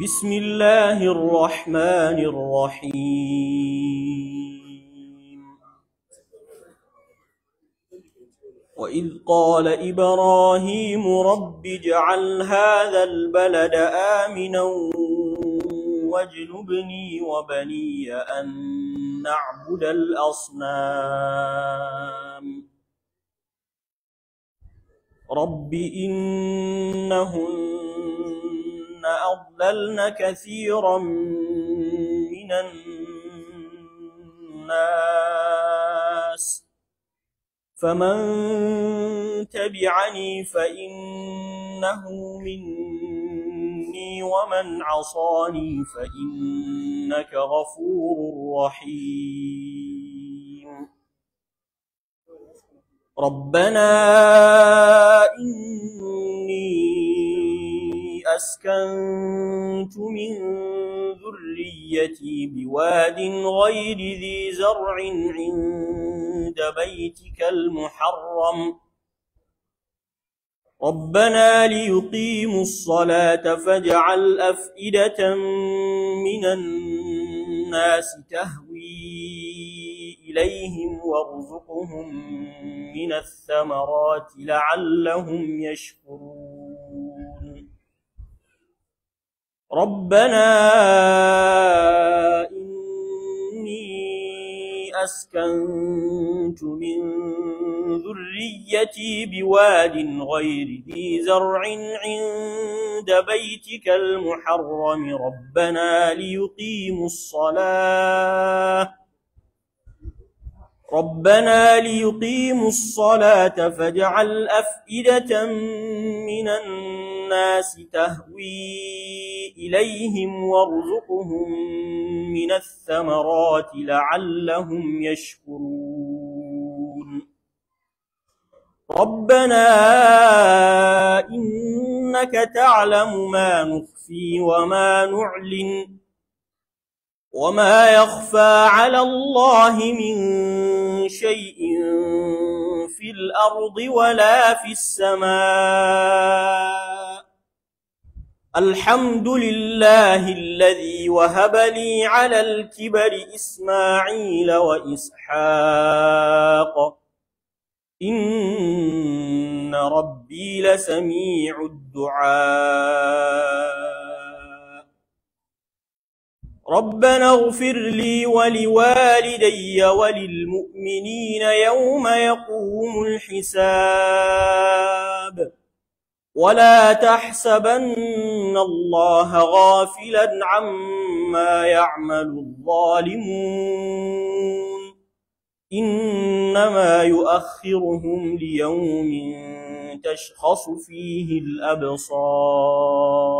بسم الله الرحمن الرحيم وإذ قال إبراهيم رب اجعل هذا البلد آمنا واجنبني وبني أن نعبد الأصنام رب إنهم أضللن كثيرا من الناس فمن تبعني فإنه مني ومن عصاني فإنك غفور رحيم ربنا إني أسكن كنت من ذريتي بواد غير ذي زرع عند بيتك المحرم ربنا ليقيموا الصلاة فاجعل أفئدة من الناس تهوي إليهم وارزقهم من الثمرات لعلهم يشكرون ربنا إني أسكنت من ذريتي بواد غير ذي زرع عند بيتك المحرم ربنا ليقيموا الصلاة ربنا ليقيموا الصلاة فاجعل أفئدة من الناس تهوي إليهم وارزقهم من الثمرات لعلهم يشكرون ربنا إنك تعلم ما نخفي وما نعلن وما يخفى على الله من شيء في الأرض ولا في السماء الحمد لله الذي وهب لي على الكبر إسماعيل وإسحاق إن ربي لسميع الدعاء ربنا اغفر لي ولوالدي وللمؤمنين يوم يقوم الحساب ولا تحسبن الله غافلا عما يعمل الظالمون إنما يؤخرهم ليوم تشخص فيه الأبصار